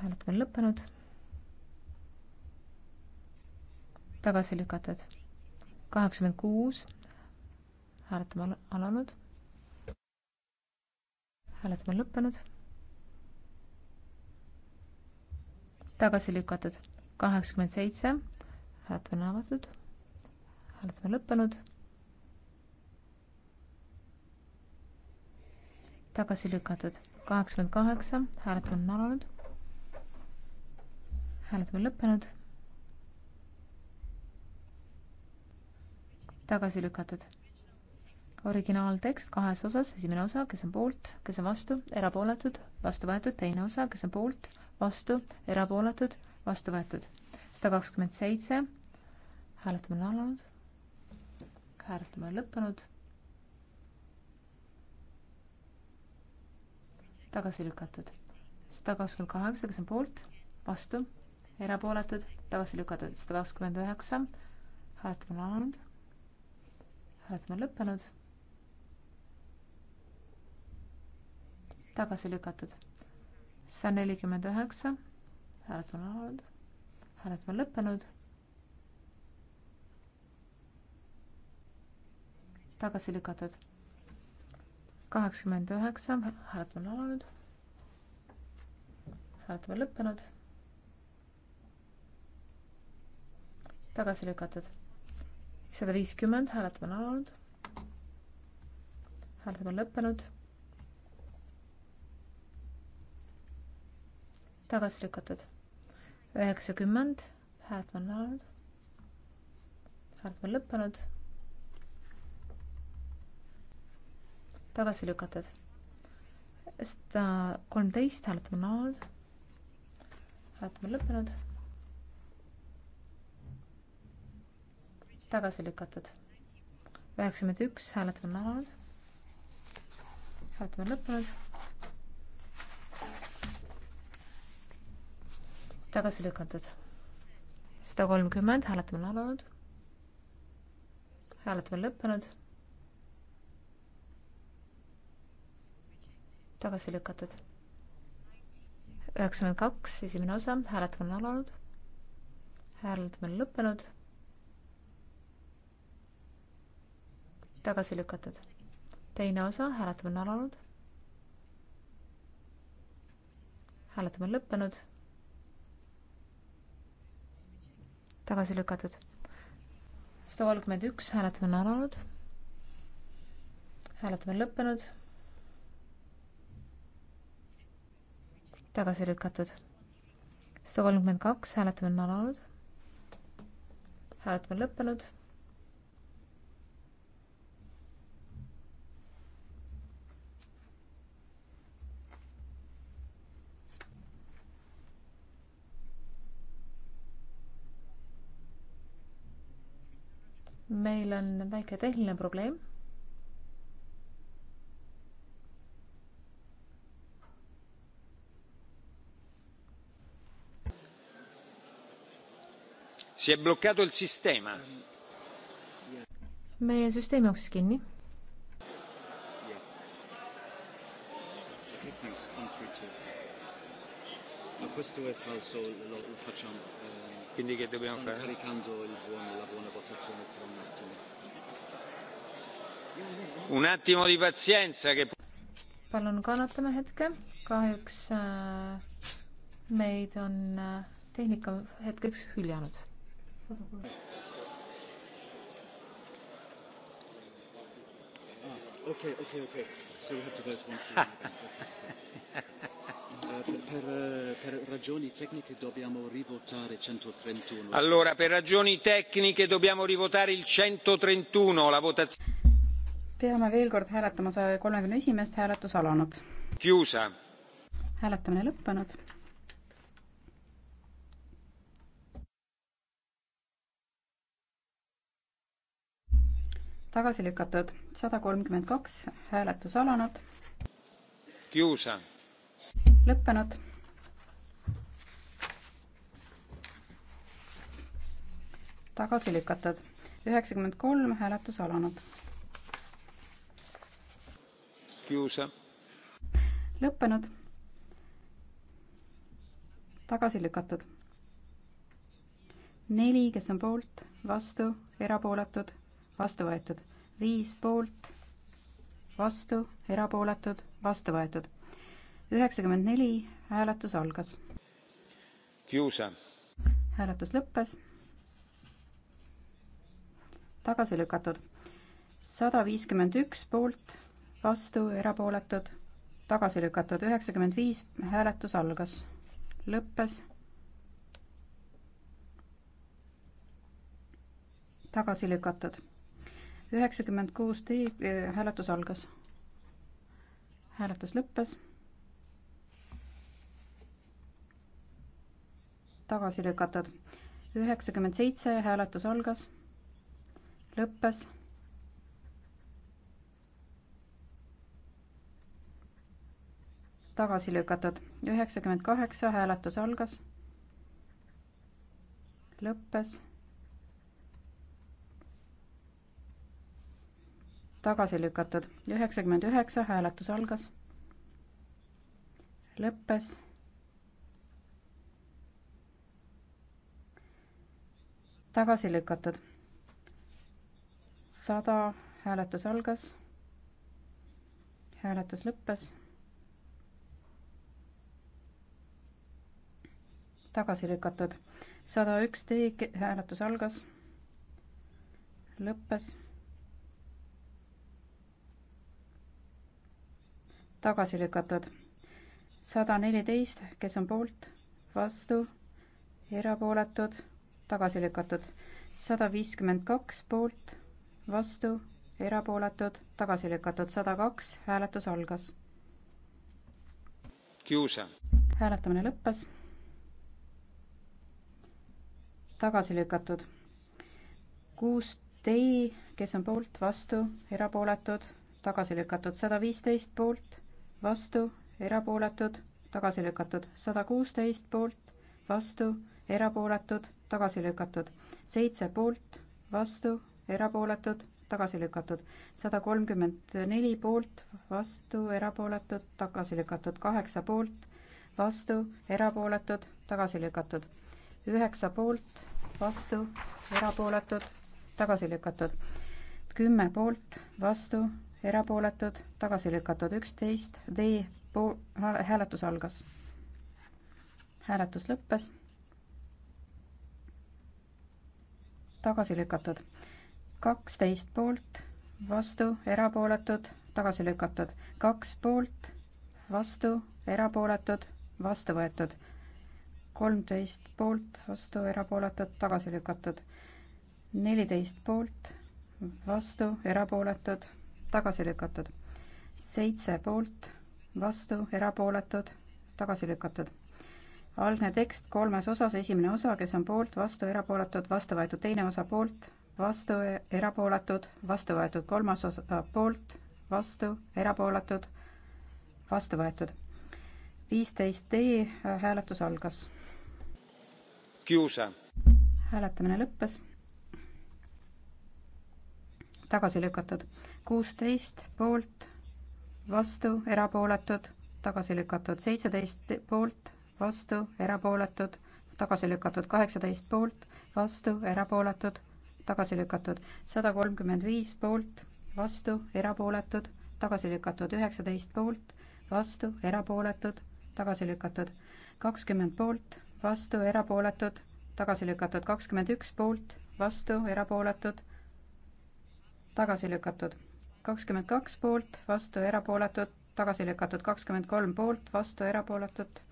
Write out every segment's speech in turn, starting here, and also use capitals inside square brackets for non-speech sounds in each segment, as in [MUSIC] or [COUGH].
hääletamine lõppenud. tagasi lükatud. kaheksakümmend kuus, hääletamine alanud. hääletamine lõppenud. tagasi lükatud. kaheksakümmend seitse, hääletamine avatud. hääletamine lõppenud tagasi lükatud. kaheksakümmend kaheksa, hääletamine on alanud hääletamine lõppenud. tagasi lükatud. originaaltekst kahes osas, esimene osa, kes on poolt, kes on vastu, erapooletud, vastu võetud, teine osa, kes on poolt, vastu, erapooletud, vastu võetud. sada kakskümmend seitse, hääletamine on alanud, hääletamine on lõppenud. tagasi lükatud. sada kakskümmend kaheksa, kes on poolt, vastu erapooletud, tagasi lükatud sada kakskümmend üheksa. hääletamine on alanud. hääletamine on lõppenud. tagasi lükatud sada nelikümmend üheksa. hääletamine on alanud. hääletamine on lõppenud. tagasi lükatud kaheksakümmend üheksa, hääletamine on alanud hääletamine lõppenud tagasi lükatud. sada viiskümmend, hääletamine on alanud. hääletamine on lõppenud. tagasi lükatud. üheksakümmend, hääletamine on alanud. hääletamine on lõppenud. tagasi lükatud. sada kolmteist, hääletamine on alanud. hääletamine on lõppenud tagasi lükatud. üheksakümmend üks, hääletamine on alanud. hääletamine on lõppenud. tagasi lükatud. sada kolmkümmend, hääletamine on alanud. hääletamine on lõppenud. tagasi lükatud. üheksakümmend kaks, esimene osa, hääletamine on alanud. hääletamine on lõppenud tagasi lükatud. teine osa, hääletamine on alanud. hääletamine on lõppenud. tagasi lükatud. sada kolmkümmend üks, hääletamine on alanud. hääletamine on lõppenud. tagasi lükatud. sada kolmkümmend kaks, hääletamine on alanud. hääletamine on lõppenud meil on väike tehniline probleem. meie süsteem jooksis kinni. Ma questo è falso, lo facciamo. Quindi che dobbiamo Stanno fare? caricando il buon, la buona votazione tra un attimo. Un attimo di pazienza che... palun kannatame hetke, kahjuks äh, meid on äh, tehnika hetkeks hüljanud. Ah, okay, okay, okay. So we have to vote one. [LAUGHS] per, per ragioni tecniche dobbiamo rivotare 131. Allora, per ragioni tecniche dobbiamo rivotare il 131, la votazione. peame veel kord hääletama saja kolmekümne esimest hääletus alanud. Chiusa. hääletamine lõppenud. tagasi lükatud sada kolmkümmend kaks hääletus alanud. Chiusa lõppenud. tagasi lükatud. üheksakümmend kolm hääletus alanud. lõppenud. tagasi lükatud. neli, kes on poolt, vastu, erapooletud, vastu võetud. viis poolt, vastu, erapooletud, vastu võetud üheksakümmend neli, hääletus algas. Kiusa. hääletus lõppes. tagasi lükatud. sada viiskümmend üks poolt, vastu, erapooletud, tagasi lükatud. üheksakümmend viis, hääletus algas, lõppes. tagasi lükatud. üheksakümmend kuus tee, eh, hääletus algas. hääletus lõppes tagasi lükatud. üheksakümmend seitse, hääletus algas, lõppes. tagasi lükatud. üheksakümmend kaheksa, hääletus algas, lõppes. tagasi lükatud. üheksakümmend üheksa, hääletus algas, lõppes tagasi lükatud. sada, hääletus algas. hääletus lõppes. tagasi lükatud. sada üks tee, hääletus algas. lõppes. tagasi lükatud. sada neliteist, kes on poolt, vastu, erapooletud tagasi lükatud. sada viiskümmend kaks poolt, vastu, erapooletud, tagasi lükatud. sada kaks, hääletus algas. Kiusa. hääletamine lõppes. tagasi lükatud. kuus tei, kes on poolt, vastu, erapooletud, tagasi lükatud. sada viisteist poolt, vastu, erapooletud, tagasi lükatud. sada kuusteist poolt, vastu, erapooletud tagasi lükatud, seitse poolt, vastu, erapooletud, tagasi lükatud, sada kolmkümmend neli poolt, vastu, erapooletud, tagasi lükatud, kaheksa poolt, vastu, erapooletud, tagasi lükatud, üheksa poolt, vastu, erapooletud, tagasi lükatud, kümme poolt, vastu, erapooletud, tagasi lükatud, üksteist, D, hääletus algas. hääletus lõppes tagasi lükatud. kaksteist poolt, vastu, erapooletud, tagasi lükatud. kaks poolt, vastu, erapooletud, vastu võetud. kolmteist poolt, vastu, erapooletud, tagasi lükatud. neliteist poolt, vastu, erapooletud, tagasi lükatud. seitse poolt, vastu, erapooletud, tagasi lükatud algne tekst kolmes osas, esimene osa, kes on poolt, vastu, erapooletud, vastu võetud, teine osa poolt, vastu, erapooletud, vastu võetud, kolmas osa poolt, vastu, erapooletud, vastu võetud. viisteist D äh, hääletus algas. Kiusa. hääletamine lõppes. tagasi lükatud. kuusteist poolt, vastu, erapooletud, tagasi lükatud. seitseteist poolt vastu, erapooletud, tagasi lükatud, kaheksateist poolt, vastu, erapooletud, tagasi lükatud, sada kolmkümmend viis poolt, vastu, erapooletud, tagasi lükatud, üheksateist poolt, vastu, erapooletud, tagasi lükatud, kakskümmend poolt, vastu, erapooletud, tagasi lükatud, kakskümmend üks poolt, vastu, erapooletud, tagasi lükatud, kakskümmend kaks poolt, vastu, erapooletud, tagasi lükatud, kakskümmend kolm poolt, vastu, erapooletud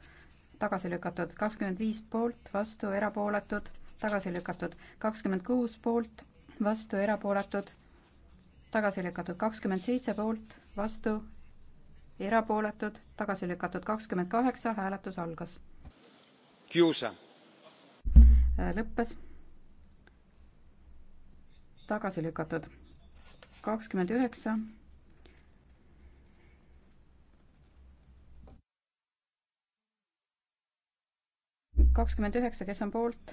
tagasi lükatud, kakskümmend viis poolt, vastu, erapooletud, tagasi lükatud, kakskümmend kuus poolt, vastu, erapooletud, tagasi lükatud, kakskümmend seitse poolt, vastu, erapooletud, tagasi lükatud, kakskümmend kaheksa, hääletus algas. kiusa. lõppes. tagasi lükatud, kakskümmend üheksa kakskümmend üheksa, kes on poolt,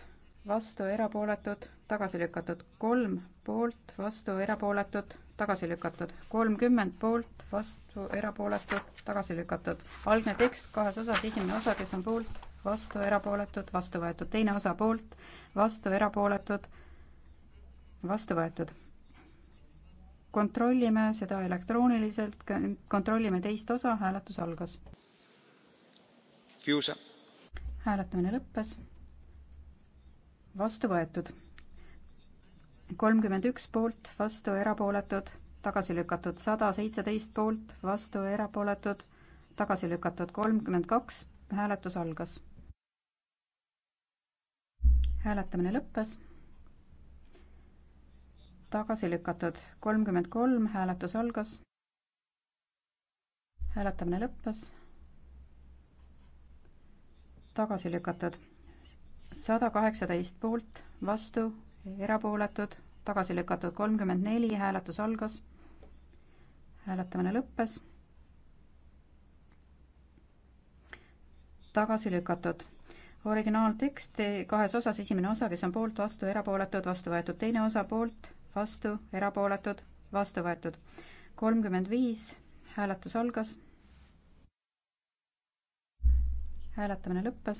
vastu, erapooletud, tagasi lükatud. kolm poolt, vastu, erapooletud, tagasi lükatud. kolmkümmend poolt, vastu, erapooletud, tagasi lükatud. algne tekst kahes osas, esimene osa, kes on poolt, vastu, erapooletud, vastu võetud. teine osa poolt, vastu, erapooletud, vastu võetud kontrollime seda elektrooniliselt, kontrollime teist osa, hääletus algas. kiusa hääletamine lõppes. vastu võetud. kolmkümmend üks poolt, vastu erapooletud, tagasi lükatud sada seitseteist poolt, vastu erapooletud, tagasi lükatud kolmkümmend kaks, hääletus algas. hääletamine lõppes. tagasi lükatud kolmkümmend kolm, hääletus algas. hääletamine lõppes tagasi lükatud. sada kaheksateist poolt, vastu, erapooletud, tagasi lükatud. kolmkümmend neli, hääletus algas. hääletamine lõppes. tagasi lükatud originaalteksti kahes osas, esimene osa, kes on poolt, vastu, erapooletud, vastu võetud, teine osa poolt, vastu, erapooletud, vastu võetud. kolmkümmend viis, hääletus algas hääletamine lõppes.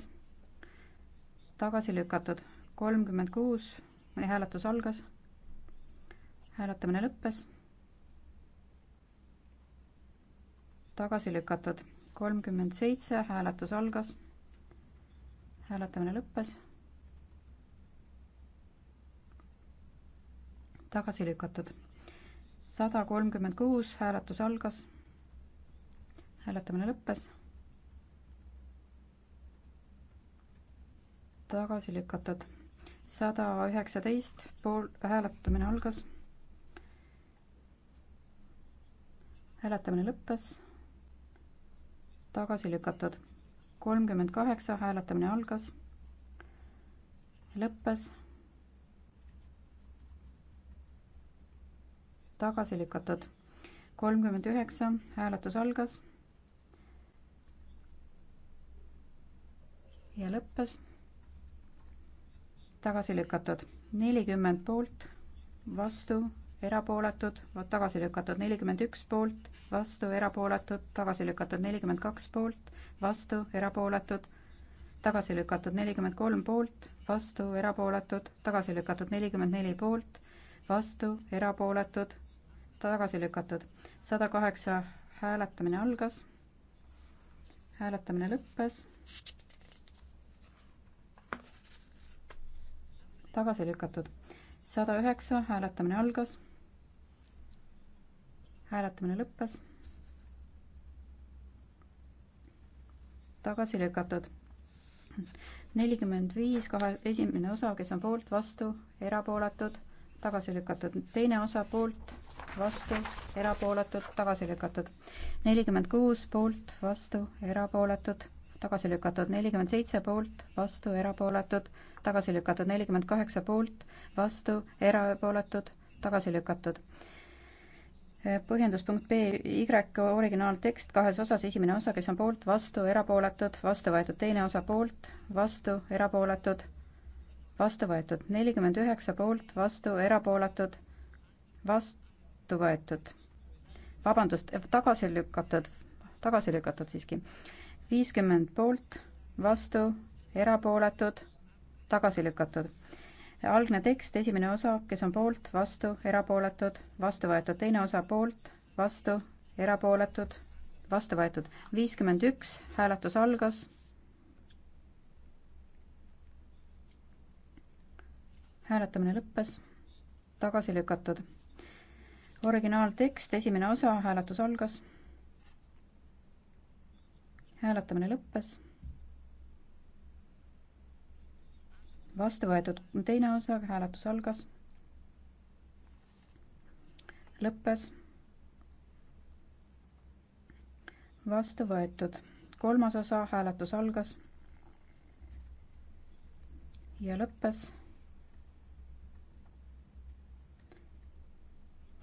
tagasi lükatud kolmkümmend kuus, hääletus algas. hääletamine lõppes. tagasi lükatud kolmkümmend seitse, hääletus algas. hääletamine lõppes. tagasi lükatud sada kolmkümmend kuus, hääletus algas. hääletamine lõppes tagasi lükatud. sada üheksateist pool, hääletamine algas. hääletamine lõppes. tagasi lükatud. kolmkümmend kaheksa, hääletamine algas. lõppes. tagasi lükatud. kolmkümmend üheksa, hääletus algas ja lõppes tagasi lükatud. nelikümmend poolt, vastu, erapooletud, tagasi lükatud. nelikümmend üks poolt, vastu, erapooletud, tagasi lükatud. nelikümmend kaks poolt, vastu, erapooletud, tagasi lükatud. nelikümmend kolm poolt, vastu, erapooletud, tagasi lükatud. nelikümmend neli poolt, vastu, erapooletud, tagasi lükatud. sada kaheksa hääletamine algas. hääletamine lõppes. tagasi lükatud. sada üheksa, hääletamine algas. hääletamine lõppes. tagasi lükatud. nelikümmend viis, kahe, esimene osa, kes on poolt, vastu, erapooletud, tagasi lükatud. teine osa poolt, vastu, erapooletud, tagasi lükatud. nelikümmend kuus, poolt, vastu, erapooletud tagasi lükatud, nelikümmend seitse poolt, vastu, erapooletud, tagasi lükatud, nelikümmend kaheksa poolt, vastu, erapooletud, tagasi lükatud. põhjenduspunkt B, Y originaaltekst kahes osas, esimene osa, kes on poolt, vastu, erapooletud, vastu võetud, teine osa poolt, vastu, erapooletud, vastu võetud, nelikümmend üheksa poolt, vastu, erapooletud, vastu võetud vabandust, tagasi lükatud, tagasi lükatud siiski viiskümmend poolt, vastu, erapooletud, tagasi lükatud. algne tekst, esimene osa, kes on poolt, vastu, erapooletud, vastu võetud, teine osa poolt, vastu, erapooletud, vastu võetud. viiskümmend üks, hääletus algas. hääletamine lõppes, tagasi lükatud. originaaltekst, esimene osa, hääletus algas hääletamine lõppes. vastu võetud teine osa, hääletus algas. lõppes. vastu võetud kolmas osa, hääletus algas. ja lõppes.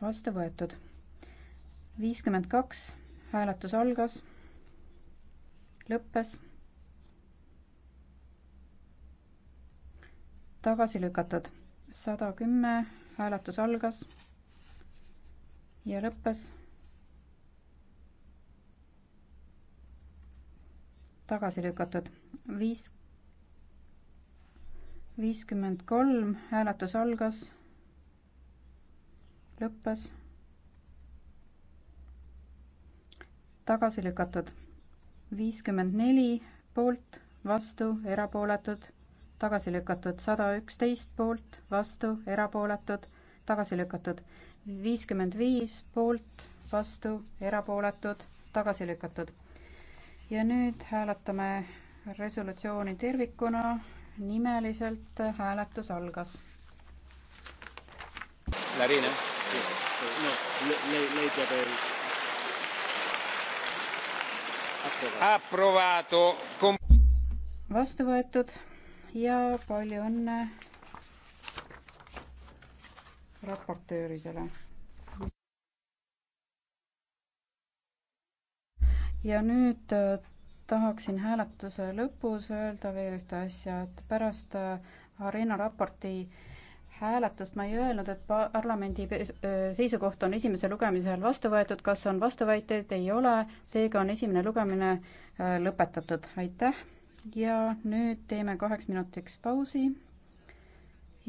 vastu võetud viiskümmend kaks, hääletus algas lõppes. tagasi lükatud sada kümme, hääletus algas ja lõppes. tagasi lükatud viis, viiskümmend kolm, hääletus algas, lõppes tagasi lükatud viiskümmend neli poolt, vastu, erapooletud, tagasi lükatud, sada üksteist poolt, vastu, erapooletud, tagasi lükatud, viiskümmend viis poolt, vastu, erapooletud, tagasi lükatud. ja nüüd hääletame resolutsiooni tervikuna, nimeliselt hääletus algas. Larina? No, lei, lei, lei, lei, lei. vastu võetud ja palju õnne raportööridele. ja nüüd äh, tahaksin hääletuse lõpus öelda veel ühte asja, et pärast äh, Arena raporti hääletust ma ei öelnud, et parlamendi seisukoht on esimese lugemise ajal vastu võetud, kas on vastuväiteid, ei ole, seega on esimene lugemine lõpetatud, aitäh. ja nüüd teeme kaheks minutiks pausi.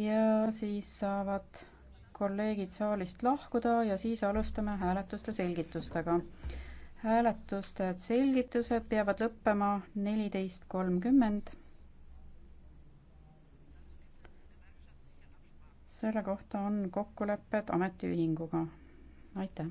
ja siis saavad kolleegid saalist lahkuda ja siis alustame hääletuste selgitustega. hääletuste selgitused peavad lõppema neliteist kolmkümmend selle kohta on kokkulepped ametiühinguga. aitäh.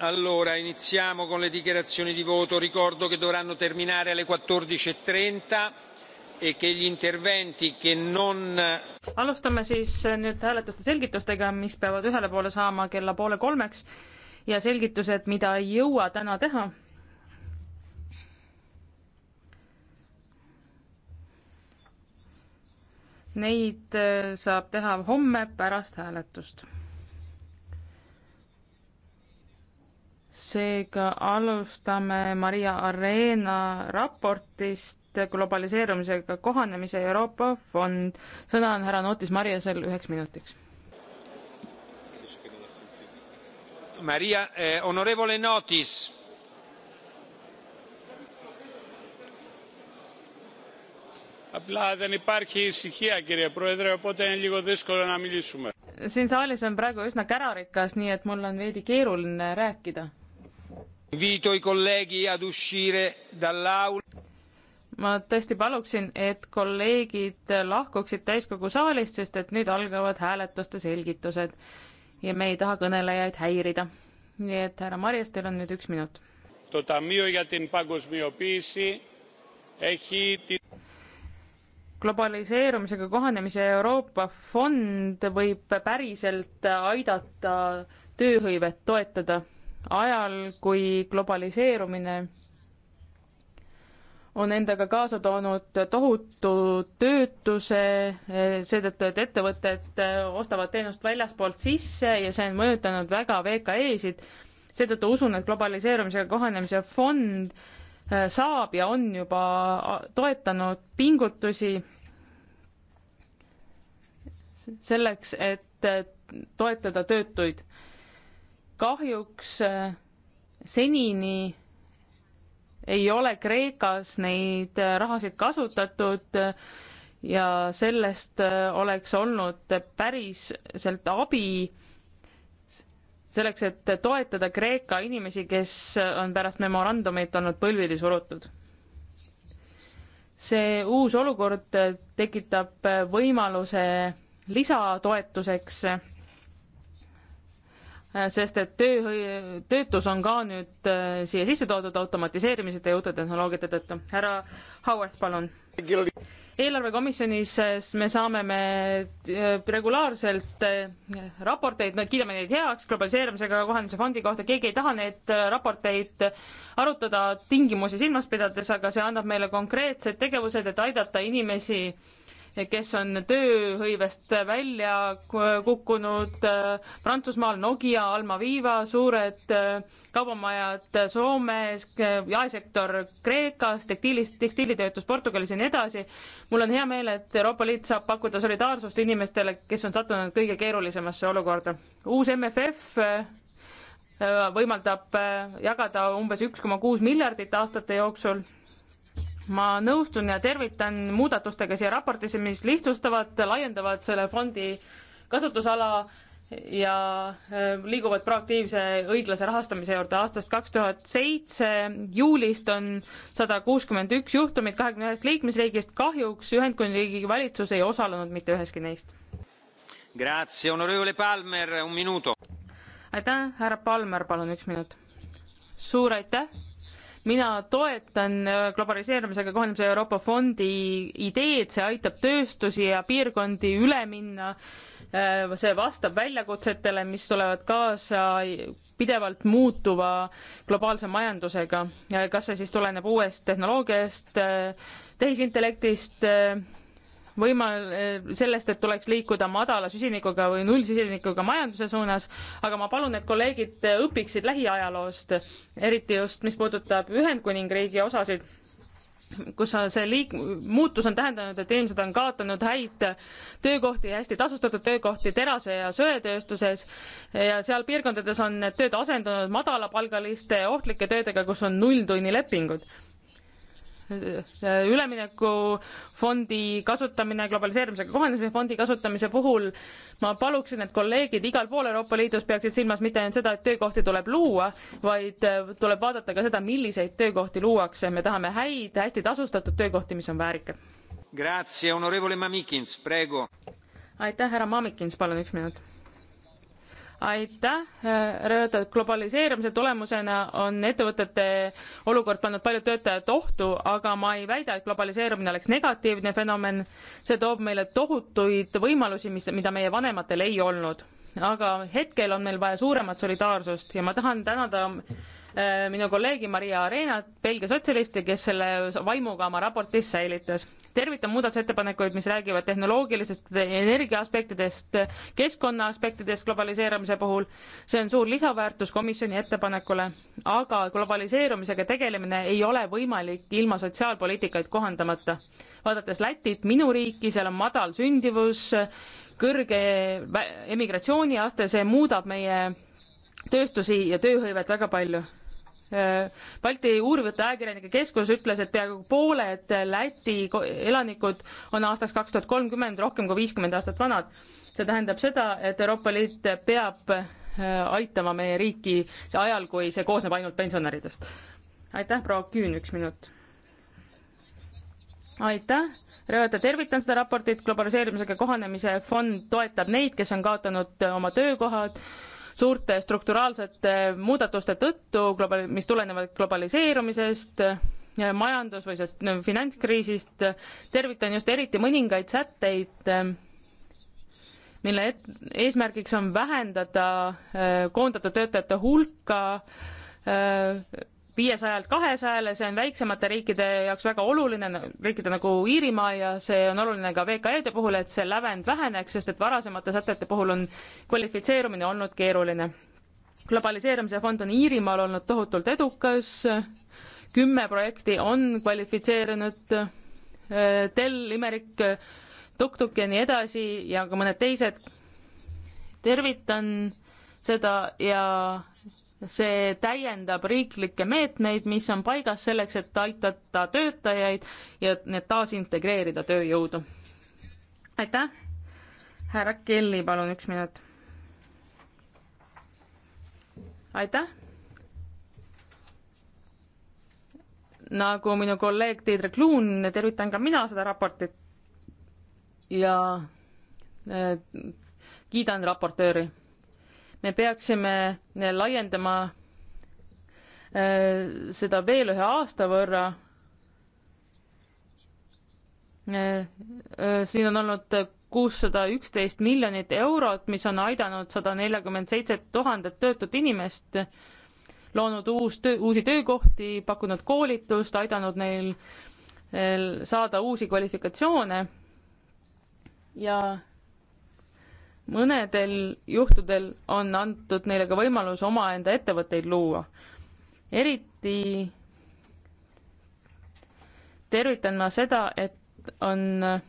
allora iniziamo con le dichiarazioni di voto ricordo che dovranno terminare alle 14.30 e, e che gli interventi che non alustame siis nüüd hääletuste selgitustega mis peavad ühele poole saama kella poole kolmeks ja selgitused mida ei jõua täna teha neid äh, saab teha homme pärast hääletust seega alustame Maria Arena raportist globaliseerumisega kohanemise Euroopa fond. sõna on härra Nootis Marjasel üheks minutiks. Maria eh,, honorevole Nootis. Απλά δεν υπάρχει ησυχία, κύριε Πρόεδρε, οπότε είναι λίγο δύσκολο να μιλήσουμε. Siin saalis on praegu üsna kärarikas, nii et mul on veidi keeruline rääkida ma tõesti paluksin, et kolleegid lahkuksid täiskogu saalist, sest et nüüd algavad hääletuste selgitused ja me ei taha kõnelejaid häirida. nii et härra Marjas, teil on nüüd üks minut. globaliseerumisega kohanemise Euroopa fond võib päriselt aidata tööhõivet toetada ajal, kui globaliseerumine on endaga kaasa toonud tohutu töötuse eh, seetõttu, et ettevõtted eh, ostavad teenust väljaspoolt sisse ja see on mõjutanud väga VKE-sid. seetõttu usun, et globaliseerumisega kohanemise fond eh, saab ja on juba toetanud pingutusi selleks, et toetada töötuid kahjuks äh, senini ei ole Kreekas neid äh, rahasid kasutatud äh, ja sellest oleks olnud päriselt abi selleks, et toetada Kreeka inimesi, kes on pärast memorandumit olnud põlvili surutud. see uus olukord tekitab võimaluse lisatoetuseks Äh, sest et töö, äh, töötus on ka nüüd äh, siia sisse toodud automatiseerimised ja uute tehnoloogiate tõttu. härra Howard, palun. eelarvekomisjonis me saame me regulaarselt raporteid, no kiidame neid heaks globaliseerumisega kohanemise fondi kohta, keegi ei taha neid raporteid arutada tingimusi silmas pidades, aga see annab meile konkreetsed tegevused, et aidata inimesi kes on tööhõivest välja kukkunud. Prantsusmaal Nokia, Alma Viiva, suured äh, kaubamajad Soomes, äh, jaesektor Kreekas, tekstiilis, tekstiilitöötus Portugalis ja nii edasi. mul on hea meel, et Euroopa Liit saab pakkuda solidaarsust inimestele, kes on sattunud kõige keerulisemasse olukorda. uus MFF äh, võimaldab jagada umbes üks koma kuus miljardit aastate jooksul ma nõustun ja tervitan muudatustega siia raportisse, mis lihtsustavad, laiendavad selle fondi kasutusala ja äh, liiguvad proaktiivse õiglase rahastamise juurde. aastast kaks tuhat seitse juulist on sada kuuskümmend üks juhtumit kahekümne ühest liikmesriigist, kahjuks Ühendkuningriigi valitsus ei osalenud mitte üheski neist. aitäh, härra Palmer, palun üks minut. suur aitäh mina toetan äh, globaliseerumisega kohanemise Euroopa Fondi ideed, see aitab tööstusi ja piirkondi üle minna, äh, see vastab väljakutsetele, mis tulevad kaasa pidevalt muutuva globaalse majandusega, äh, kas see siis tuleneb uuest tehnoloogiast, tehisintellektist, võima-, eh, sellest, et tuleks liikuda madala süsinikuga või nullsüsinikuga majanduse suunas, aga ma palun, et kolleegid eh, õpiksid lähiajaloost, eriti just, mis puudutab Ühendkuningriigi osasid, kus on see liik-, muutus on tähendanud, et inimesed on kaotanud häid töökohti, hästi tasustatud töökohti terase- ja söetööstuses ja seal piirkondades on need tööd asendunud madalapalgaliste ohtlike töödega, kus on nulltunnilepingud üleminekufondi kasutamine, globaliseerimisega kohanemise fondi kasutamise puhul ma paluksin, et kolleegid igal pool Euroopa Liidus peaksid silmas mitte ainult seda, et töökohti tuleb luua, vaid äh, tuleb vaadata ka seda, milliseid töökohti luuakse. me tahame häid, hästi tasustatud töökohti, mis on väärikad. aitäh, härra Mamikins, palun üks minut aitäh, rõhutad, globaliseerumise tulemusena on ettevõtete olukord pannud paljud töötajad ohtu, aga ma ei väida, et globaliseerumine oleks negatiivne fenomen. see toob meile tohutuid võimalusi, mis, mida meie vanematel ei olnud. aga hetkel on meil vaja suuremat solidaarsust ja ma tahan tänada Äh, minu kolleegi Maria Areenat, Belgia sotsialisti, kes selle vaimuga oma raportis säilitas. tervitan muudatusettepanekuid, mis räägivad tehnoloogilisest energia aspektidest, keskkonna aspektidest globaliseerumise puhul. see on suur lisaväärtus komisjoni ettepanekule, aga globaliseerumisega tegelemine ei ole võimalik ilma sotsiaalpoliitikaid kohandamata. vaadates Lätit, minu riiki, seal on madal sündivus, kõrge emigratsiooniaste, see muudab meie tööstusi ja tööhõivet väga palju. Äh, Balti Uurivate Ajakirjanike Keskus ütles, et peaaegu pooled Läti elanikud on aastaks kaks tuhat kolmkümmend rohkem kui viiskümmend aastat vanad. see tähendab seda, et Euroopa Liit peab äh, aitama meie riiki ajal, kui see koosneb ainult pensionäridest. aitäh, proua Küün, üks minut. aitäh Rõõta tervitan seda raportit, globaliseerimisega kohanemise fond toetab neid, kes on kaotanud oma töökohad, suurte strukturaalsete muudatuste tõttu, mis tulenevad globaliseerumisest, majandus- või finantskriisist, tervitan just eriti mõningaid sätteid, mille eesmärgiks on vähendada koondatud töötajate hulka viiesajalt kahesajale, see on väiksemate riikide jaoks väga oluline, riikide nagu Iirimaa ja see on oluline ka VKE-de puhul, et see lävend väheneks, sest et varasemate sätete puhul on kvalifitseerumine olnud keeruline. globaliseerumise fond on Iirimaal olnud tohutult edukas, kümme projekti on kvalifitseerunud, Dell, Imerik, Tuktuk ja nii edasi ja ka mõned teised. tervitan seda ja see täiendab riiklikke meetmeid, mis on paigas selleks, et aidata töötajaid ja need taasintegreerida tööjõudu. aitäh, härra Kelly, palun üks minut. aitäh. nagu minu kolleeg Tiidrek Luun, tervitan ka mina seda raportit ja äh, kiidan raportööri me peaksime laiendama äh, seda veel ühe aasta võrra. Äh, äh, siin on olnud kuussada üksteist miljonit eurot, mis on aidanud sada nelikümmend seitse tuhandet töötut inimest, loonud uus töö, uusi töökohti, pakkunud koolitust, aidanud neil saada uusi kvalifikatsioone ja mõnedel juhtudel on antud neile ka võimalus omaenda ettevõtteid luua. eriti tervitan ma seda, et on äh,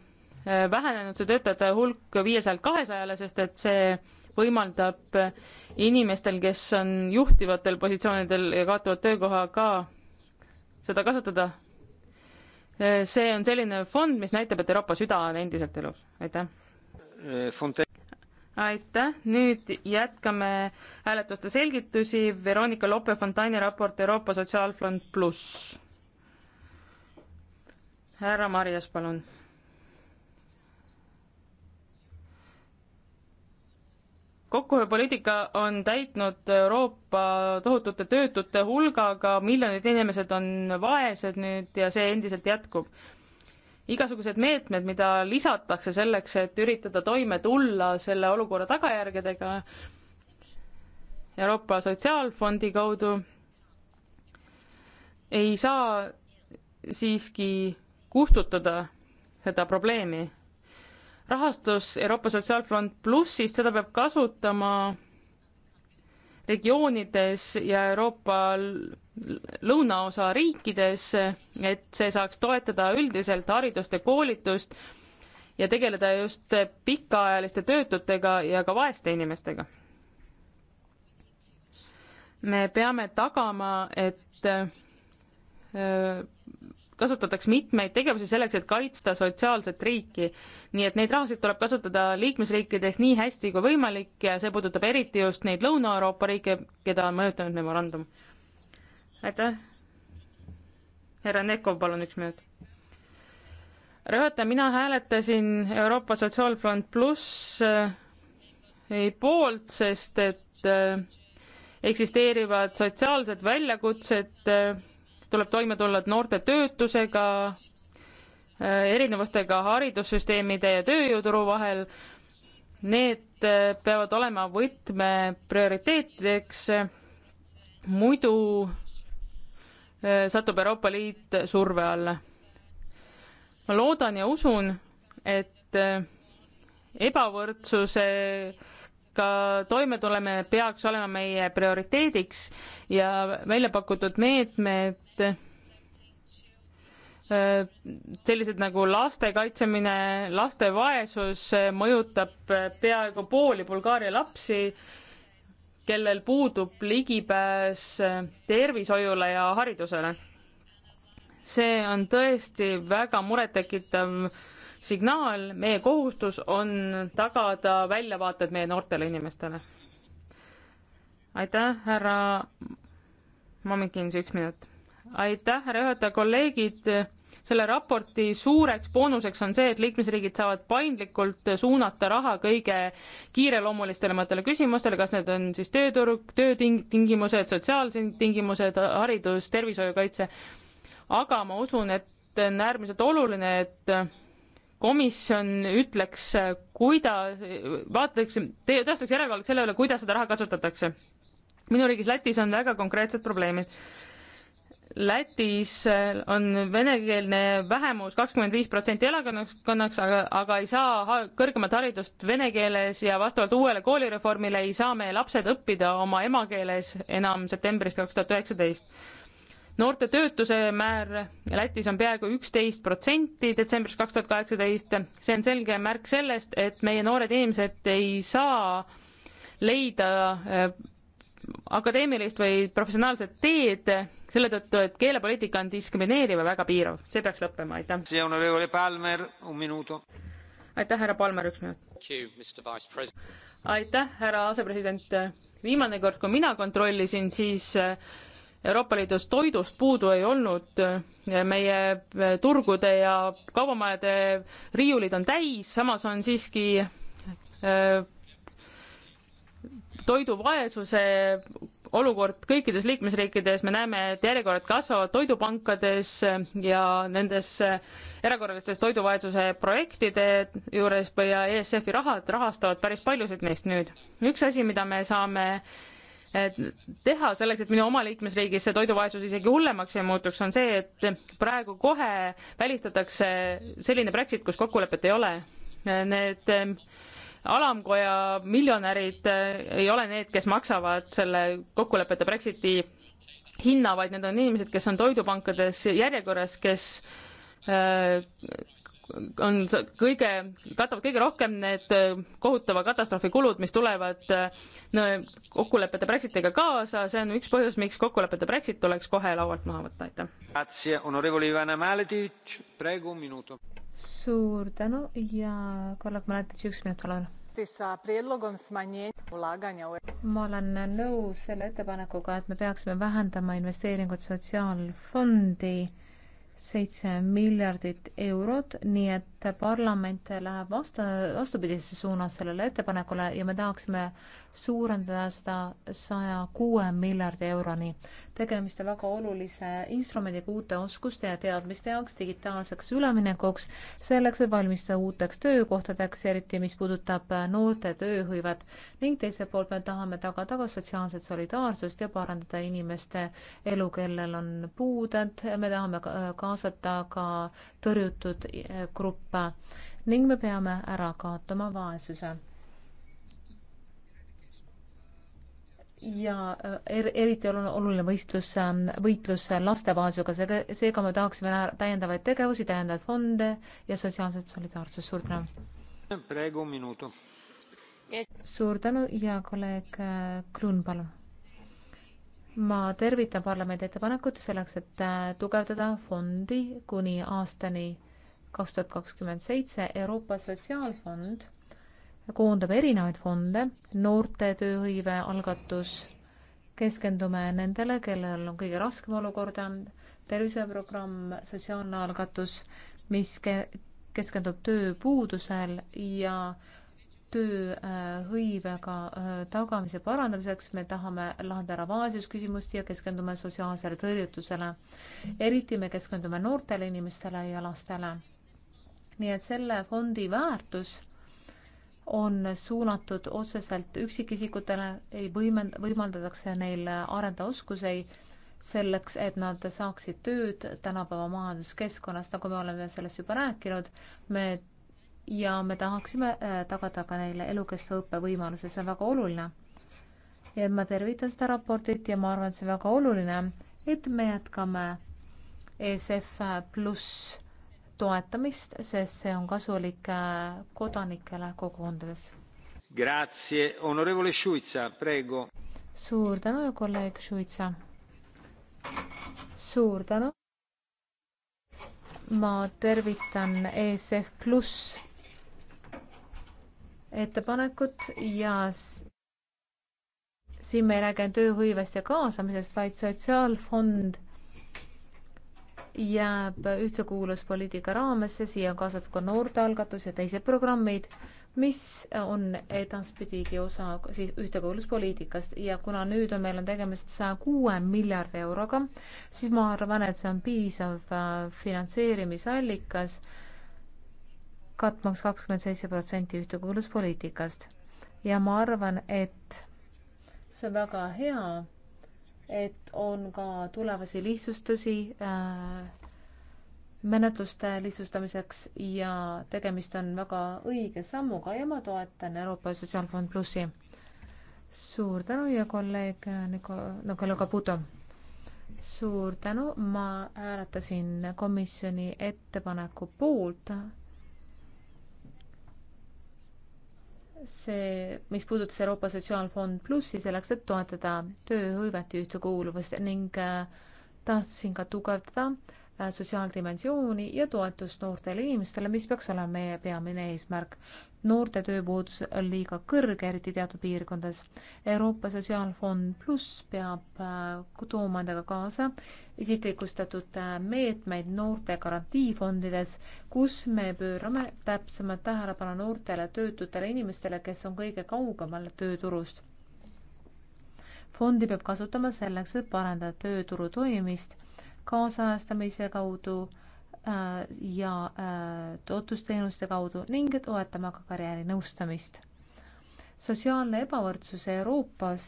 vähenenud see töötajate hulk viiesajalt kahesajale, sest et see võimaldab inimestel, kes on juhtivatel positsioonidel ja kaotavad töökoha, ka seda kasutada. Äh, see on selline fond, mis näitab, et Euroopa süda on endiselt elus. aitäh. Äh, aitäh, nüüd jätkame hääletuste selgitusi, Veronika Lope-Fontani raport Euroopa Sotsiaalfond pluss. härra Marjas, palun. kokkuhoiupoliitika on täitnud Euroopa tohutute töötute hulgaga, miljonid inimesed on vaesed nüüd ja see endiselt jätkub igasugused meetmed, mida lisatakse selleks, et üritada toime tulla selle olukorra tagajärgedega Euroopa Sotsiaalfondi kaudu, ei saa siiski kustutada seda probleemi. rahastus Euroopa Sotsiaalfond plussist, seda peab kasutama regioonides ja Euroopa lõunaosa riikides, et see saaks toetada üldiselt haridust ja koolitust ja tegeleda just pikaajaliste töötutega ja ka vaeste inimestega. me peame tagama, et kasutatakse mitmeid tegevusi selleks, et kaitsta sotsiaalset riiki. nii et neid rahasid tuleb kasutada liikmesriikides nii hästi kui võimalik ja see puudutab eriti just neid Lõuna-Euroopa riike, keda on mõjutanud memorandum. aitäh. härra Nekov, palun üks minut. Rõõta, mina hääletasin Euroopa Sotsiaalfront pluss äh, poolt, sest et äh, eksisteerivad sotsiaalsed väljakutsed äh, tuleb toime tulla noorte töötusega, äh, erinevustega haridussüsteemide ja tööjõuturu vahel. Need äh, peavad olema võtme prioriteetideks, muidu äh, satub Euroopa Liit surve alla. ma loodan ja usun, et ebavõrdsuse kriisiga toimetulemine peaks olema meie prioriteediks ja välja pakutud meetmed äh, sellised nagu laste kaitsemine, laste vaesus mõjutab peaaegu pooli Bulgaaria lapsi, kellel puudub ligipääs tervishoiule ja haridusele. see on tõesti väga murettekitav signaal, meie kohustus on tagada väljavaated meie noortele inimestele. aitäh, härra Mamikins, üks minut. aitäh, härra juhataja, kolleegid selle raporti suureks boonuseks on see, et liikmesriigid saavad paindlikult suunata raha kõige kiireloomulisematele küsimustele, kas need on siis tööturg, töötingimused, sotsiaalsed tingimused, haridus, tervishoiukaitse. aga ma usun, et on äärmiselt oluline, et komisjon ütleks, kuidas, vaataks, teostaks järelevalvet selle üle, kuidas seda raha kasutatakse. minu riigis Lätis on väga konkreetsed probleemid. Lätis on venekeelne vähemus kakskümmend viis protsenti elanikkonnaks, aga, aga ei saa ha kõrgemat haridust vene keeles ja vastavalt uuele koolireformile ei saa meie lapsed õppida oma emakeeles enam septembrist kaks tuhat üheksateist noorte töötuse määr Lätis on peaaegu üksteist protsenti detsembris kaks tuhat kaheksateist. see on selge märk sellest, et meie noored inimesed ei saa leida äh, akadeemilist või professionaalset teed selle tõttu, et keelepoliitika on diskrimineeriv ja väga piirav. see peaks lõppema, aitäh. aitäh, härra Palmer, üks minut. aitäh, härra asepresident. viimane kord, kui mina kontrollisin, siis äh, Euroopa Liidus toidust puudu ei olnud, meie turgude ja kaubamajade riiulid on täis, samas on siiski äh, toiduvaesuse olukord kõikides liikmesriikides, me näeme, et järjekorrad kasvavad toidupankades ja nendes erakorralistes toiduvaesuse projektide juures ja ESF-i rahad rahastavad päris paljusid neist nüüd. üks asi, mida me saame teha selleks, et minu oma liikmesriigis see toiduvaesus isegi hullemaks ei muutuks, on see, et praegu kohe välistatakse selline Brexit, kus kokkulepet ei ole. Need ehm, alamkoja miljonärid eh, ei ole need, kes maksavad selle kokkulepete Brexiti hinna, vaid need on inimesed, kes on toidupankades järjekorras, kes eh, on kõige, katavad kõige rohkem need äh, kohutava katastroofi kulud, mis tulevad äh, no, kokkulepete Brexitiga kaasa, see on üks põhjus, miks kokkulepete Brexit tuleks kohe laualt maha võtta, aitäh. suur tänu ja Karla Kmeletic, üks minut, palun. ma olen nõus selle ettepanekuga, et me peaksime vähendama investeeringut sotsiaalfondi seitse miljardit eurot, nii et parlament läheb vasta, vastupidisesse suunas sellele ettepanekule ja me tahaksime suurendada seda saja kuue miljardi euroni. tegemist on väga olulise instrumendiga uute oskuste ja teadmiste jaoks, digitaalseks üleminekuks, selleks, et valmistuda uuteks töökohtadeks, eriti mis puudutab noorte tööhõivet ning teiselt poolt me tahame tagada taga ka sotsiaalset solidaarsust ja parandada inimeste elu, kellel on puuded, me tahame kaasata ka tõrjutud eh, gruppe ning me peame ära kaotama vaesuse ja äh, er, eriti oluline võistlus, ähm, võitlus laste vaesusega, seega, seega me tahaksime näha täiendavaid tegevusi, täiendavaid fonde ja sotsiaalset solidaarsust, suur tänu. praegu minutu. suur tänu ja kolleeg äh, Kruun, palun. ma tervitan parlamendi ettepanekut selleks, et äh, tugevdada fondi kuni aastani kaks tuhat kakskümmend seitse Euroopa Sotsiaalfond koondab erinevaid fonde, noorte tööhõive algatus, keskendume nendele, kellel on kõige raskem olukord, terviseprogramm, sotsiaalne algatus, mis ke-, keskendub tööpuudusel ja tööhõivega äh, tagamise parandamiseks me tahame lahendada ära vaesusküsimust ja keskendume sotsiaalsele tõrjutusele. eriti me keskendume noortele inimestele ja lastele. nii et selle fondi väärtus on suunatud otseselt üksikisikutele, ei võimend-, võimaldatakse neil arendada oskuseid selleks, et nad saaksid tööd tänapäeva majanduskeskkonnas, nagu me oleme sellest juba rääkinud, me ja me tahaksime äh, tagada ka neile elukestva õppe võimaluse, see on väga oluline. ja ma tervitan seda raportit ja ma arvan, et see on väga oluline, et me jätkame ESF pluss toetamist, sest see on kasulik äh, kodanikele kogukondades. suur tänu, kolleeg Šuitsa. suur tänu. ma tervitan ESF pluss ettepanekut ja siin me ei räägi ainult tööhõivest ja kaasamisest, vaid sotsiaalfond jääb ühtekuuluvuspoliitika raamesse, siia on kaasatud ka noortealgatus ja teised programmid, mis on edaspidigi osa siis ühtekuuluvuspoliitikast ja kuna nüüd on, meil on tegemist saja kuue miljardi euroga, siis ma arvan, et see on piisav äh, finantseerimisallikas, katmaks kakskümmend seitse protsenti ühtekuuluvuspoliitikast. ja ma arvan, et see on väga hea et on ka tulevasi lihtsustusi äh, menetluste lihtsustamiseks ja tegemist on väga õige sammuga ja ma toetan Euroopa Sotsiaalfond Plussi. suur tänu ja kolleeg Niko-, Nikolo Caputo. suur tänu, ma hääletasin komisjoni ettepaneku poolt see, mis puudutas Euroopa Sotsiaalfond plussi selleks, et toetada tööhõivet ja ühtekuuluvust ning äh, tahtsin ka tugevdada äh, sotsiaaldimensiooni ja toetust noortele inimestele, mis peaks olema meie peamine eesmärk noorte tööpuudus on liiga kõrge, eriti teatud piirkondades. Euroopa Sotsiaalfond pluss peab äh, tooma endaga kaasa isiklikustatud äh, meetmeid noorte garantiifondides, kus me pöörame täpsemat tähelepanu noortele töötutele inimestele, kes on kõige kaugemal tööturust. fondi peab kasutama selleks, et parandada tööturu toimimist kaasajastamise kaudu Äh, ja äh, toetlusteenuste kaudu ning toetama ka karjäärinõustamist. sotsiaalne ebavõrdsus Euroopas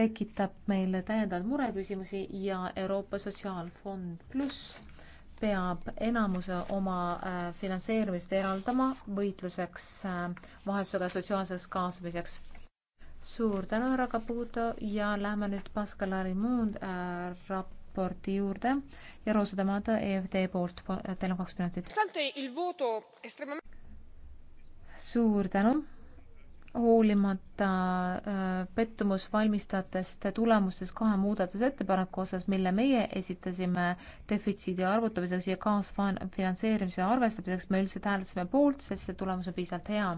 tekitab meile täiendavaid mureküsimusi ja Euroopa Sotsiaalfond pluss peab enamuse oma äh, finantseerimist eraldama võitluseks vaesusega sotsiaalseks kaasamiseks. suur tänu, härra Caputo ja lähme nüüd Pascal Arimund äh, rap-, raporti juurde ja Roosadamata EFD poolt, teil on kaks minutit. suur tänu. hoolimata äh, pettumusvalmistajatest tulemustest kahe muudatusettepaneku osas, mille meie esitasime defitsiidi arvutamiseks ja kaasfinantseerimise arvestamiseks, me üldiselt hääletasime poolt, sest see tulemus on piisavalt hea.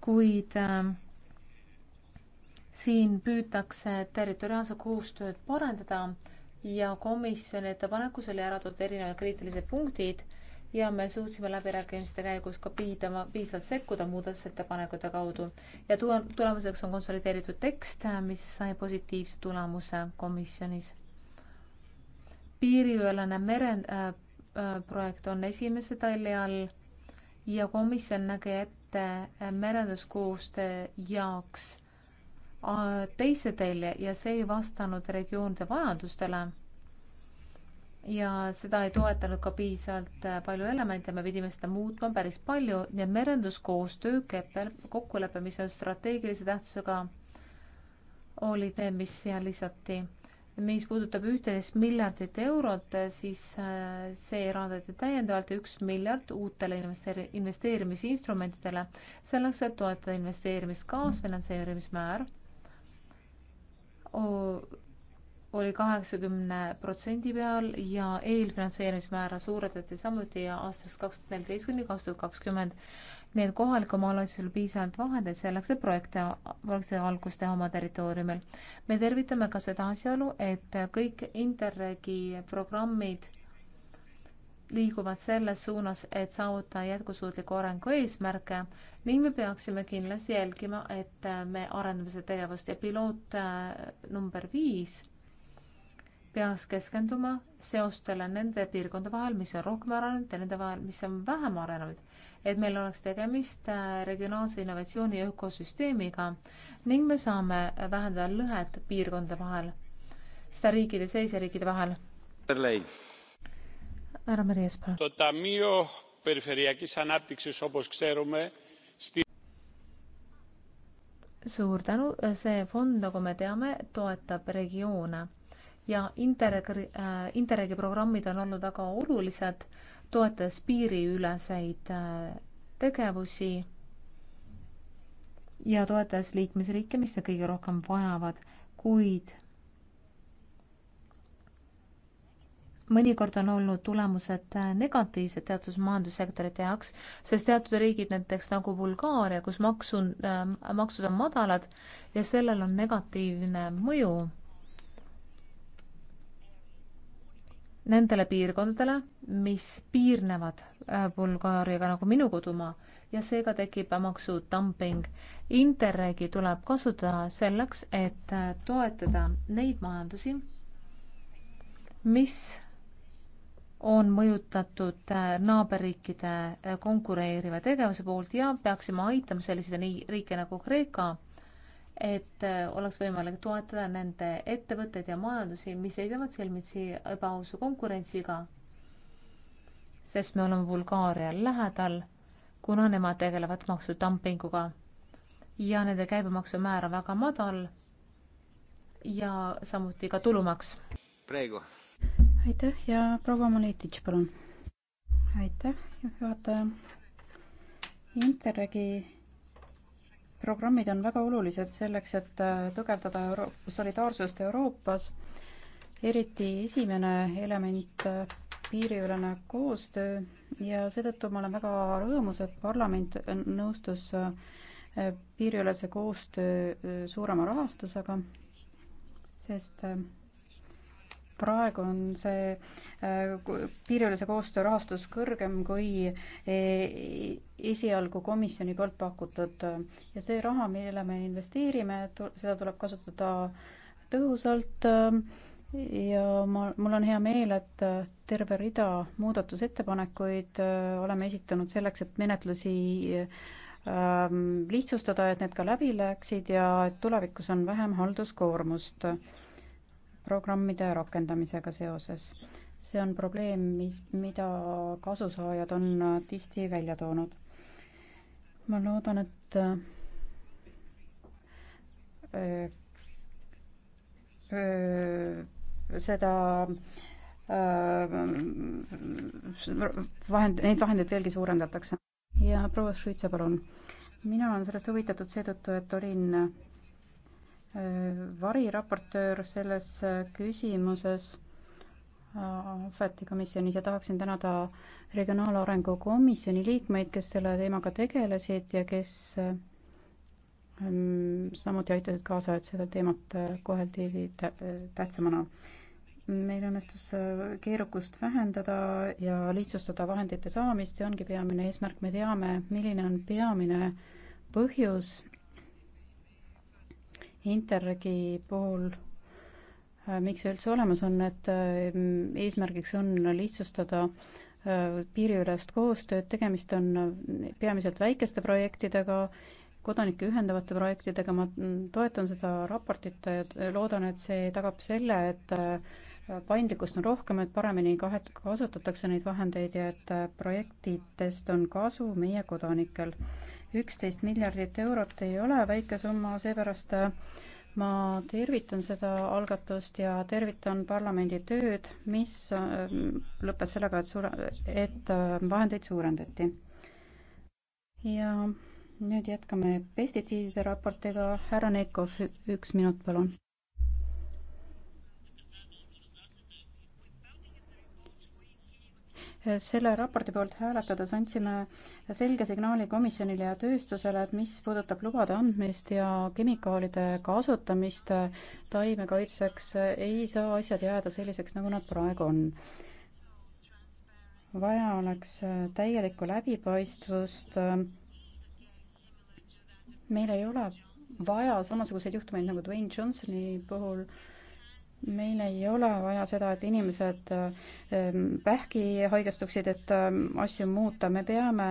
kuid äh, siin püütakse territoriaalse koostööd parandada ja komisjoni ettepanekus oli ära toodud erinevad kriitilised punktid ja me suutsime läbirääkimiste käigus ka piidama, piisavalt sekkuda muudatusettepanekute kaudu ja tu-, tulemuseks on konsolideeritud tekst, mis sai positiivse tulemuse komisjonis. piiriülene mereprojekt äh, äh on esimese talli all ja komisjon nägi ette äh, merenduskoostöö jaoks teise teele ja see ei vastanud regioonide vajadustele. ja seda ei toetanud ka piisavalt äh, palju elemente, me pidime seda muutma päris palju, nii et merenduskoostöö keppel, kokkulepe, mis on strateegilise tähtsusega, olid need, mis siia lisati. mis puudutab ühteteist miljardit eurot, äh, siis äh, see eraldati täiendavalt ja üks miljard uutele investeeri-, investeerimisinstrumentidele selleks, et toetada investeerimist kaasfinantseerimismäär mm oli kaheksakümne protsendi peal ja eelfinantseerimismäära suurendati samuti aastast kaks tuhat neliteist kuni kaks tuhat kakskümmend nii et kohalikel omavalitsustel piisavalt vahendeid selleks, et projekte, projekti algust teha oma territooriumil. me tervitame ka seda asjaolu, et kõik Interregi programmid liiguvad selles suunas, et saavutada jätkusuutliku arengu eesmärke ning me peaksime kindlasti jälgima, et äh, me arendame seda tegevust ja piloot äh, number viis peaks keskenduma seostele nende piirkondade vahel, mis on rohkem arenenud ja nende vahel, mis on vähem arenenud, et meil oleks tegemist äh, regionaalse innovatsiooni ökosüsteemiga ning me saame vähendada lõhet piirkondade vahel, seda riikide sees ja riikide vahel härra Merjes, palun. suur tänu, see fond, nagu me teame, toetab regioone ja Interreg äh,, Interregi programmid on olnud väga olulised, toetades piiriüleseid äh, tegevusi ja toetades liikmesriike, mis seda kõige rohkem vajavad, kuid mõnikord on olnud tulemused äh, negatiivsed teatud majandussektorite jaoks, sest teatud riigid, näiteks nagu Bulgaaria, kus maksu äh,, maksud on madalad ja sellel on negatiivne mõju nendele piirkondadele, mis piirnevad äh, Bulgaariaga, nagu minu kodumaa, ja seega tekib maksudumping. Interregi tuleb kasutada selleks, et äh, toetada neid majandusi, mis on mõjutatud äh, naaberriikide äh, konkureeriva tegevuse poolt ja peaksime aitama selliseid riike nagu Kreeka, et äh, oleks võimalik toetada nende ettevõtteid ja majandusi, mis seisavad silmitsi ebaausu konkurentsiga. sest me oleme Bulgaarial lähedal, kuna nemad tegelevad maksudumpinguga ja nende käibemaksumäär on väga madal ja samuti ka tulumaks. praegu aitäh ja proua Monetitš, palun. aitäh, juhataja. Interregi programmid on väga olulised selleks, et äh, tugevdada euro-, solidaarsust Euroopas, eriti esimene element, äh, piiriülene koostöö ja seetõttu ma olen väga rõõmus, et parlament nõustus äh, piiriülese koostöö suurema rahastusega, sest praegu on see äh, piiriülese koostöö rahastus kõrgem kui e, esialgu komisjoni poolt pakutud ja see raha, millele me investeerime, seda tuleb kasutada tõhusalt äh, ja ma, mul on hea meel, et äh, terve rida muudatusettepanekuid oleme esitanud selleks, et menetlusi ähm, lihtsustada, et need ka läbi läheksid ja et tulevikus on vähem halduskoormust programmide rakendamisega seoses. see on probleem, mis, mida kasusaajad on äh, tihti välja toonud. ma loodan, et öö, äh, öö, äh, seda vahend, neid vahendeid veelgi suurendatakse. ja proua Šuitsa, palun. mina olen sellest huvitatud seetõttu, et olin variraportöör selles küsimuses äh, ametikomisjonis ja tahaksin tänada Regionaalarengu Komisjoni liikmeid, kes selle teemaga tegelesid ja kes äh, mm, samuti aitasid kaasa, et seda teemat äh, koheldi tähtsamana. meil õnnestus keerukust vähendada ja lihtsustada vahendite saamist, see ongi peamine eesmärk, me teame, milline on peamine põhjus, Interregi puhul äh, miks see üldse olemas on, et äh, eesmärgiks on lihtsustada äh, piiriülest koostööd, tegemist on peamiselt väikeste projektidega, kodanikke ühendavate projektidega, ma mm, toetan seda raportit ja loodan, et see tagab selle, et paindlikkust on rohkem, et paremini kahet-, kasutatakse neid vahendeid ja et projektidest on kasu meie kodanikel üksteist miljardit eurot ei ole väike summa, seepärast äh, ma tervitan seda algatust ja tervitan parlamendi tööd, mis äh, lõppes sellega, et suure, et äh, vahendeid suurendati. ja nüüd jätkame pestitsiidide raportiga, härra Neikov, üks minut, palun selle raporti poolt hääletades andsime selge signaali komisjonile ja tööstusele, et mis puudutab lubade andmist ja kemikaalide kasutamist taimekaitseks, ei saa asjad jääda selliseks, nagu nad praegu on. vaja oleks täielikku läbipaistvust. meil ei ole vaja samasuguseid juhtumeid nagu Dwayne Johnsoni puhul meil ei ole vaja seda, et inimesed vähki ähm, haigestuksid, et ähm, asju muuta, me peame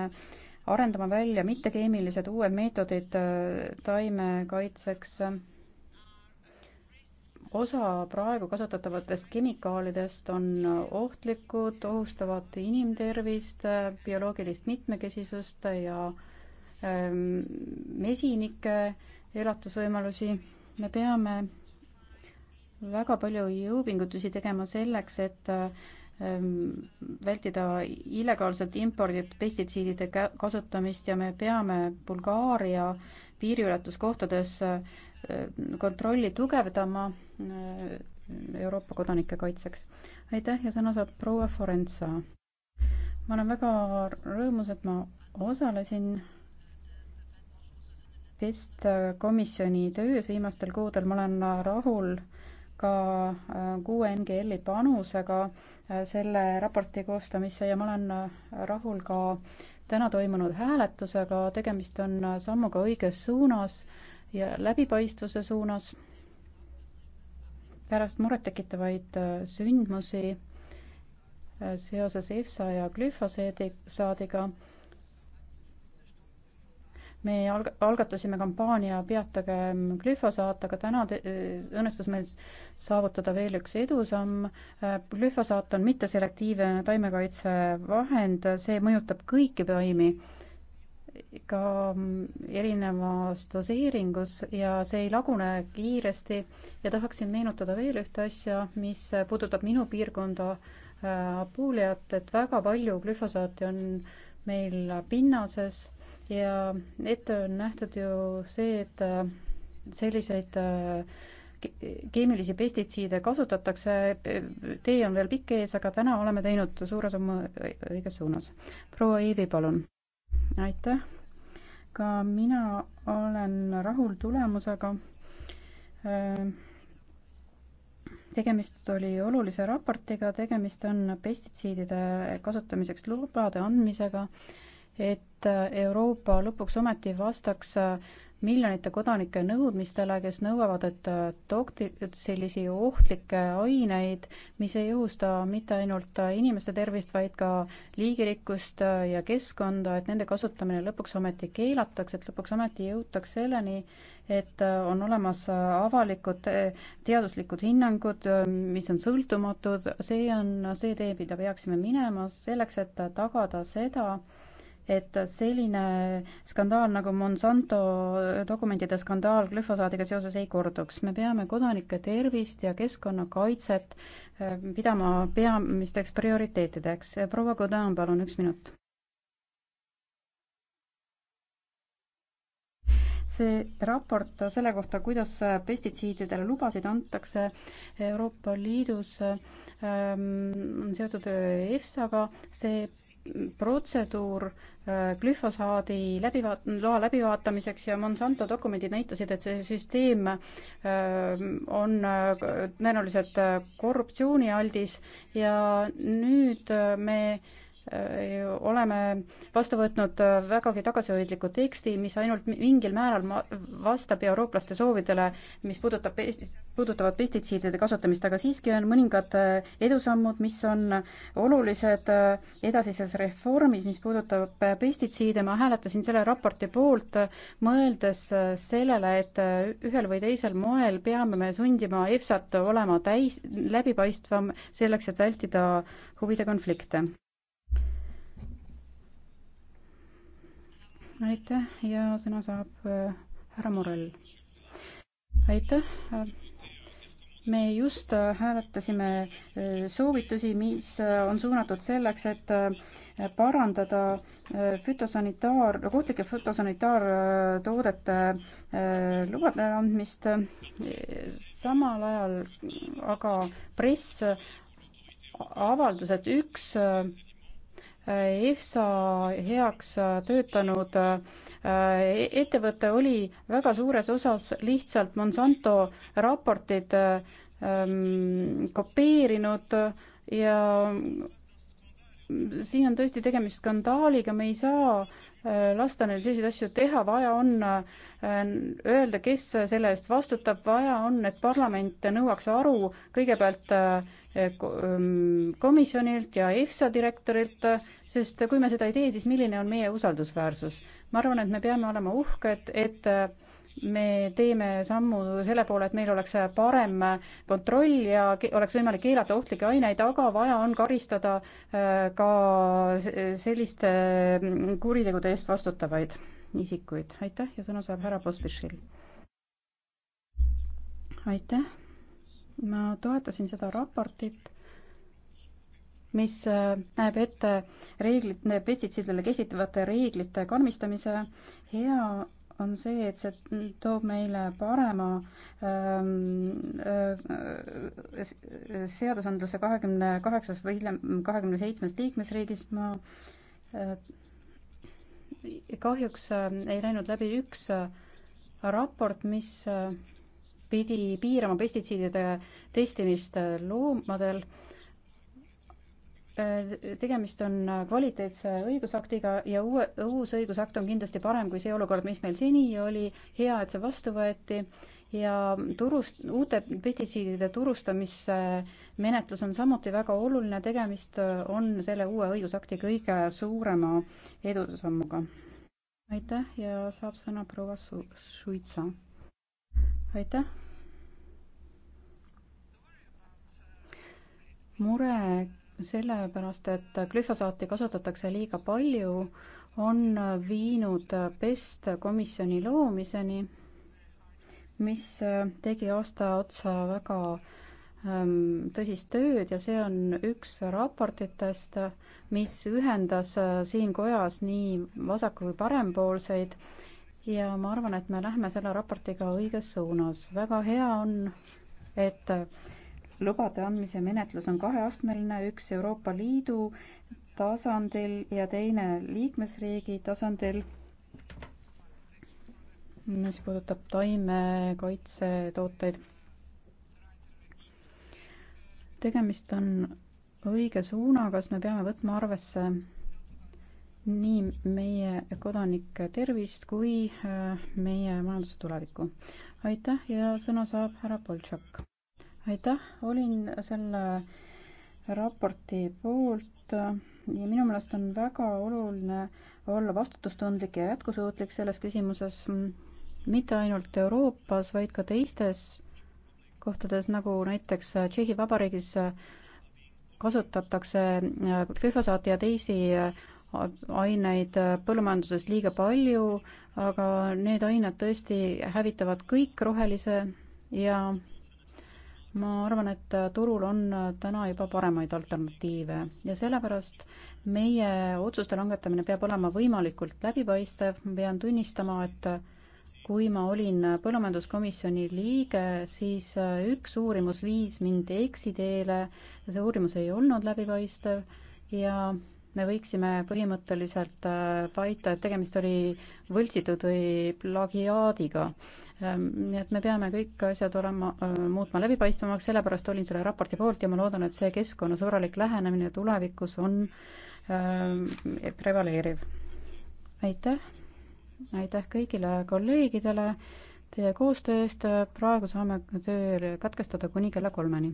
arendama välja mittekeemilised uued meetodid äh, taimekaitseks. osa praegu kasutatavatest kemikaalidest on ohtlikud, ohustavad inimtervist, äh, bioloogilist mitmekesisust ja ähm, mesinike elatusvõimalusi. me peame väga palju jõupingutusi tegema selleks, et ähm, vältida illegaalselt imporditud pestitsiidide kasutamist ja me peame Bulgaaria piiriületuskohtades äh, kontrolli tugevdama äh, Euroopa kodanike kaitseks. aitäh ja sõna saab proua Forenza. ma olen väga rõõmus, et ma osalesin pest komisjoni töös viimastel kuudel, ma olen rahul ka äh, kuue NGL-i panusega äh, selle raporti koostamisse ja ma olen äh, rahul ka täna toimunud hääletusega, tegemist on sammuga õiges suunas ja läbipaistvuse suunas. pärast murettekitavaid sündmusi seoses EFSA ja glüfoseedi saadiga me alg-, algatasime kampaania Peatage glüfosaat, aga täna õnnestus meil saavutada veel üks edusamm. glüfosaat on mitteselektiivne taimekaitsevahend, see mõjutab kõiki taimi, ka erinevas doseeringus ja see ei lagune kiiresti ja tahaksin meenutada veel ühte asja, mis puudutab minu piirkonda äh, Apuliat, et väga palju glüfosaati on meil pinnases ja ette on nähtud ju see, et äh, selliseid äh, keemilisi pestitsiide kasutatakse, tee on veel pikk ees, aga täna oleme teinud suure sammu õiges suunas. proua Iivi, palun. aitäh. ka mina olen rahul tulemusega. Äh, tegemist oli olulise raportiga, tegemist on pestitsiidide kasutamiseks lubade andmisega et äh, Euroopa lõpuks ometi vastaks äh, miljonite kodanike nõudmistele, kes nõuavad, et äh, toksilisi ohtlikke aineid, mis ei ohusta mitte ainult inimeste tervist, vaid ka liigirikkust ja keskkonda, et nende kasutamine lõpuks ometi keelatakse, et lõpuks ometi jõutaks selleni, et on olemas avalikud teaduslikud hinnangud, mis on sõltumatud, see on see tee, mida peaksime minema selleks, et tagada seda, et selline skandaal nagu Monsanto dokumentide skandaal glüfosaadiga seoses ei korduks. me peame kodanike tervist ja keskkonnakaitset äh, pidama peamisteks prioriteetideks. proua Godin, palun üks minut. see raport selle kohta, kuidas pestitsiididele lubasid antakse Euroopa Liidus, ähm, on seotud EFSA-ga, see protseduur äh, glüfosaadi läbivaat-, loa läbivaatamiseks ja Monsanto dokumendid näitasid, et see süsteem äh, on äh, tõenäoliselt korruptsioonialdis ja nüüd me Äh, oleme vastu võtnud äh, vägagi tagasihoidliku teksti, mis ainult mingil määral ma-, vastab eurooplaste soovidele, mis puudutab pestis-, puudutavad pestitsiidide kasutamist, aga siiski on mõningad äh, edusammud, mis on olulised edasises reformis, mis puudutab pestitsiide, ma hääletasin selle raporti poolt, mõeldes sellele, et ühel või teisel moel peame me sundima EFSA-t olema täis, läbipaistvam, selleks et vältida huvide konflikte aitäh ja sõna saab äh, härra Morell. aitäh äh, me just äh, hääletasime soovitusi, mis on suunatud selleks, et parandada fütosanitaar, kohtlike fütosanitaartoodete lubade andmist. samal ajal aga press avaldas, et üks Äh, EFSA heaks äh, töötanud äh, ettevõte oli väga suures osas lihtsalt Monsanto raportid ähm, kopeerinud ja siin on tõesti tegemist skandaaliga, me ei saa lasta neil selliseid asju teha, vaja on äh, öelda, kes selle eest vastutab, vaja on, et parlament nõuaks aru kõigepealt äh, ähm, komisjonilt ja EFSA direktorilt, sest kui me seda ei tee, siis milline on meie usaldusväärsus? ma arvan, et me peame olema uhked, et äh, me teeme sammu selle poole, et meil oleks parem kontroll ja oleks võimalik keelata ohtlikke aineid, aga vaja on karistada äh, ka selliste mm, kuritegude eest vastutavaid isikuid. aitäh ja sõna saab härra Pospišil. aitäh. ma toetasin seda raportit mis äh, näeb ette reeglid, pestitsiididele kehtivate reeglite karmistamise. hea on see, et see toob meile parema ähm, äh, äh, seadusandluse kahekümne kaheksas või hiljem kahekümne seitsmes liikmesriigis. ma äh, kahjuks ei läinud läbi üks raport, mis pidi piirama pestitsiidide testimist loomadel Äh, tegemist on äh, kvaliteetse õigusaktiga ja uue, uus õigusakt on kindlasti parem kui see olukord, mis meil seni oli, hea, et see vastu võeti ja turust, uute pestitsiidide turustamise äh, menetlus on samuti väga oluline, tegemist on selle uue õigusakti kõige suurema edusammuga. aitäh ja saab sõna proua Su-, Suitsa. aitäh. mure sellepärast, et glüfosaati kasutatakse liiga palju, on viinud pest komisjoni loomiseni, mis tegi aasta otsa väga ähm, tõsist tööd ja see on üks raportitest, mis ühendas äh, siin kojas nii vasaku- kui parempoolseid ja ma arvan, et me lähme selle raportiga õiges suunas. väga hea on, et lubade andmise menetlus on kaheastmeline, üks Euroopa Liidu tasandil ja teine liikmesriigi tasandil, mis puudutab taimekaitsetooteid. tegemist on õige suunaga, sest me peame võtma arvesse nii meie kodanike tervist kui äh, meie majanduse tulevikku. aitäh ja sõna saab härra Boltšak aitäh, olin selle raporti poolt ja minu meelest on väga oluline olla vastutustundlik ja jätkusuutlik selles küsimuses, mitte ainult Euroopas, vaid ka teistes kohtades, nagu näiteks Tšehhi Vabariigis kasutatakse glüfosaati ja teisi aineid põllumajanduses liiga palju, aga need ained tõesti hävitavad kõik rohelise ja ma arvan, et turul on täna juba paremaid alternatiive ja sellepärast meie otsuste langetamine peab olema võimalikult läbipaistev, ma pean tunnistama, et kui ma olin põllumajanduskomisjoni liige, siis üks uurimus viis mind eksiteele ja see uurimus ei olnud läbipaistev ja me võiksime põhimõtteliselt väita, äh, et tegemist oli võltsitud või plagiaadiga Ehm, nii et me peame kõik asjad olema, äh, muutma läbipaistvamaks, sellepärast olin selle raporti poolt ja ma loodan, et see keskkonnasõbralik lähenemine tulevikus on äh, prevaleeriv. aitäh, aitäh kõigile kolleegidele teie koostöö eest, praegu saame töö katkestada kuni kella kolmeni.